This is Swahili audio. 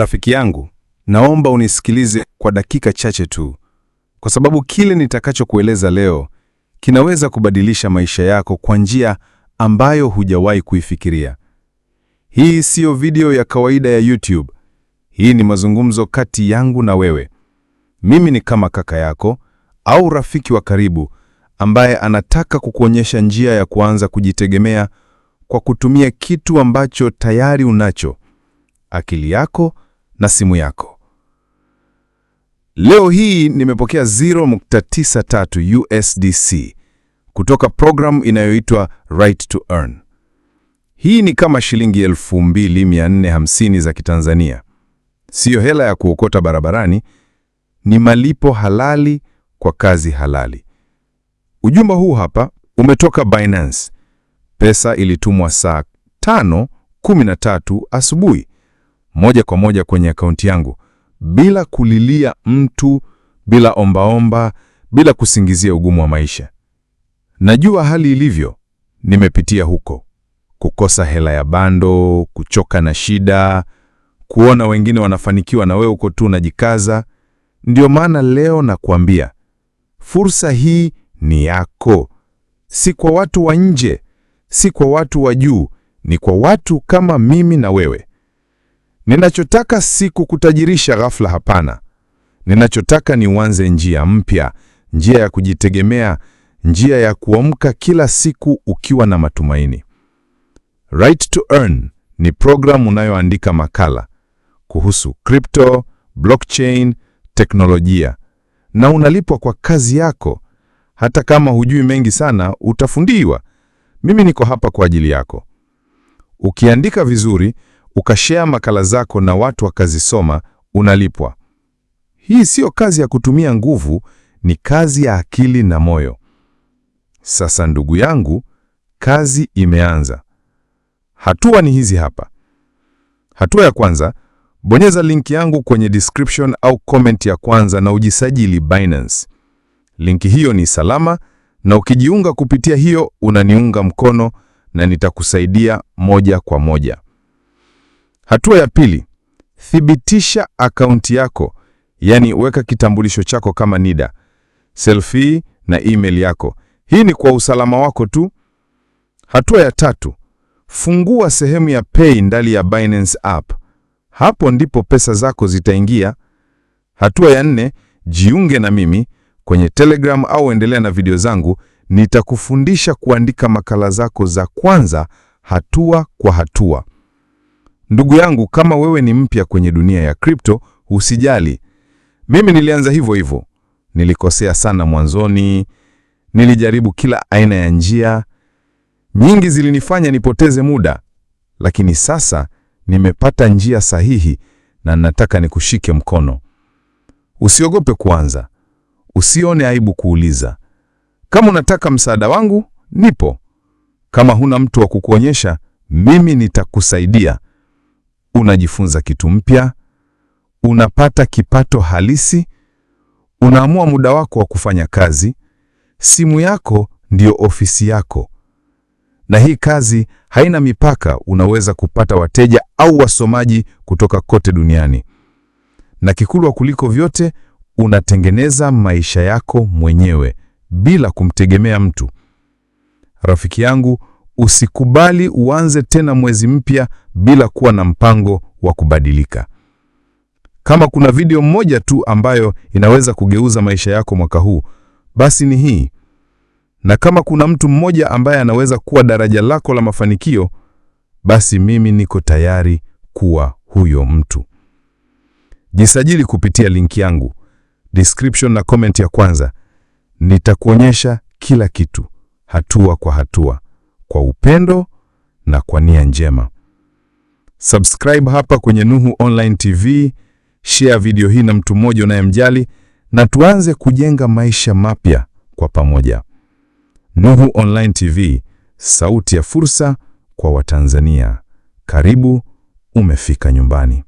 Rafiki yangu, naomba unisikilize kwa dakika chache tu, kwa sababu kile nitakachokueleza leo kinaweza kubadilisha maisha yako kwa njia ambayo hujawahi kuifikiria. Hii siyo video ya kawaida ya YouTube. Hii ni mazungumzo kati yangu na wewe. Mimi ni kama kaka yako au rafiki wa karibu ambaye anataka kukuonyesha njia ya kuanza kujitegemea kwa kutumia kitu ambacho tayari unacho: akili yako na simu yako. Leo hii nimepokea 0.93 USDC kutoka programu inayoitwa Right to Earn. Hii ni kama shilingi 2450 za Kitanzania. Siyo hela ya kuokota barabarani, ni malipo halali kwa kazi halali. Ujumbe huu hapa umetoka Binance. Pesa ilitumwa saa 5:13 asubuhi moja kwa moja kwenye akaunti yangu bila kulilia mtu, bila ombaomba omba, bila kusingizia ugumu wa maisha. Najua hali ilivyo, nimepitia huko, kukosa hela ya bando, kuchoka na shida, kuona wengine wanafanikiwa na wewe uko tu unajikaza. Ndio maana leo nakuambia fursa hii ni yako, si kwa watu wa nje, si kwa watu wa juu, ni kwa watu kama mimi na wewe. Ninachotaka si kukutajirisha ghafla, hapana. Ninachotaka ni uanze njia mpya, njia ya kujitegemea, njia ya kuamka kila siku ukiwa na matumaini. Right to Earn ni programu unayoandika makala kuhusu crypto, blockchain, teknolojia na unalipwa kwa kazi yako. Hata kama hujui mengi sana, utafundiwa. Mimi niko hapa kwa ajili yako. Ukiandika vizuri ukashare makala zako na watu wakazisoma, unalipwa. Hii sio kazi ya kutumia nguvu, ni kazi ya akili na moyo. Sasa ndugu yangu, kazi imeanza. Hatua ni hizi hapa. Hatua ya kwanza, bonyeza linki yangu kwenye description au comment ya kwanza na ujisajili Binance. Linki hiyo ni salama na ukijiunga kupitia hiyo unaniunga mkono na nitakusaidia moja kwa moja. Hatua ya pili, thibitisha akaunti yako, yaani weka kitambulisho chako kama NIDA, selfie na email yako. Hii ni kwa usalama wako tu. Hatua ya tatu, fungua sehemu ya pay ndani ya Binance app. Hapo ndipo pesa zako zitaingia. Hatua ya nne, jiunge na mimi kwenye Telegram au endelea na video zangu. Nitakufundisha kuandika makala zako za kwanza hatua kwa hatua. Ndugu yangu, kama wewe ni mpya kwenye dunia ya kripto, usijali. Mimi nilianza hivyo hivyo, nilikosea sana mwanzoni, nilijaribu kila aina ya njia, nyingi zilinifanya nipoteze muda, lakini sasa nimepata njia sahihi na nataka nikushike mkono. Usiogope kuanza, usione aibu kuuliza. Kama unataka msaada wangu, nipo. Kama huna mtu wa kukuonyesha, mimi nitakusaidia unajifunza kitu mpya, unapata kipato halisi, unaamua muda wako wa kufanya kazi. Simu yako ndiyo ofisi yako, na hii kazi haina mipaka. Unaweza kupata wateja au wasomaji kutoka kote duniani, na kikubwa kuliko vyote, unatengeneza maisha yako mwenyewe bila kumtegemea mtu. Rafiki yangu, usikubali uanze tena mwezi mpya bila kuwa na mpango wa kubadilika. Kama kuna video moja tu ambayo inaweza kugeuza maisha yako mwaka huu, basi ni hii. Na kama kuna mtu mmoja ambaye anaweza kuwa daraja lako la mafanikio, basi mimi niko tayari kuwa huyo mtu. Jisajili kupitia linki yangu description na comment ya kwanza. Nitakuonyesha kila kitu hatua kwa hatua kwa upendo na kwa nia njema. Subscribe hapa kwenye Nuhu Online TV, share video hii na mtu mmoja unayemjali na tuanze kujenga maisha mapya kwa pamoja. Nuhu Online TV, sauti ya fursa kwa Watanzania. Karibu, umefika nyumbani.